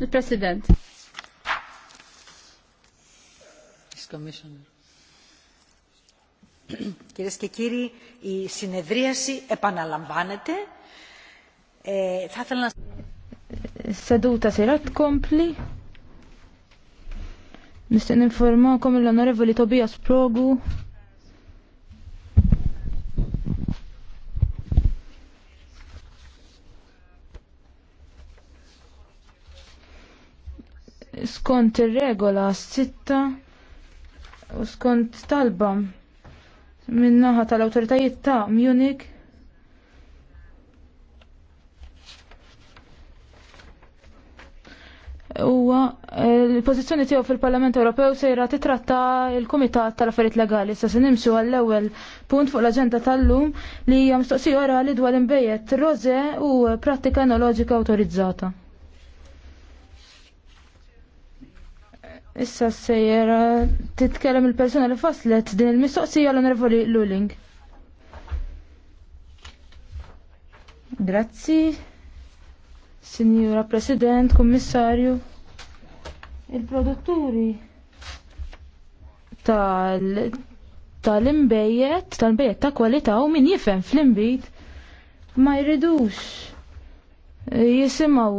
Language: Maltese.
Il-President. Κυρίες και κύριοι, η συνεδρίαση επαναλαμβάνεται. Ε, θα ήθελα να... Seduta serat kompli. Nisten informakom l-onorevoli Tobias Progu skont ir-regola sitta u skont talba minnaħa tal-awtoritajiet ta' Munich huwa l-pożizzjoni tiegħu fil-Parlament Ewropew sejra titratta l-Kumitat tal-Affarijiet Legali sa se nimsu għall-ewwel punt fuq l-aġenda tal-lum li hija mistoqsija orali dwar imbejjed roze u prattika enoloġika awtorizzata. Issa sejjer eh, titkellem il-persuna li faslet din il-mistoqsija l-onorevoli Luling. Grazzi, Signora President, Kommissarju. Il-produtturi tal imbejet ta tal imbejet ta' kwalità u min jifhem fl imbejt ma jridux jisimaw